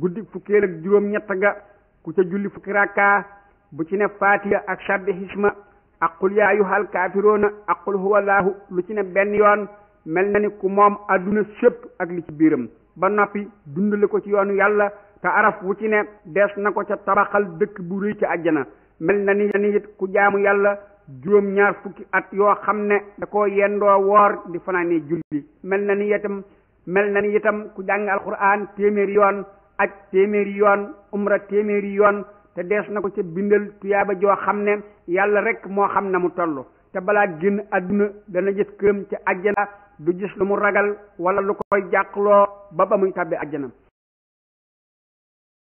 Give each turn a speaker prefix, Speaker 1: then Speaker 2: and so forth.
Speaker 1: guddi fukkeel ak juróom ñett ga ku ca julli fukki bu ci ne faatiya ak shabbi hisma ak qul yaa ayyuhal kaafiroona ak qul huwallaahu lu ci ne benn yoon mel na ni ku moom adduna sépp ak li ci biiram ba noppi dundale ko ci yoonu yàlla te araf wu ci ne dees na ko ca tabaxal dëkk bu rëy ci àjjana mel na ni it ku jaamu yàlla juróom ñaar fukki at yoo xam ne da ko yendoo woor di fanaanee julli mel na ni itam ku jàng alquran téeméeri yoon aj téeméeri yoon umra téeméeri yoon te dees na ko ca bindal tuyaaba joo xam ne yàlla rek moo xam na mu toll te balaa génn àdduna dana gis këram ca àjjana du gis lu mu ragal wala lu koy jàqloo ba ba muy tàbbi àjjana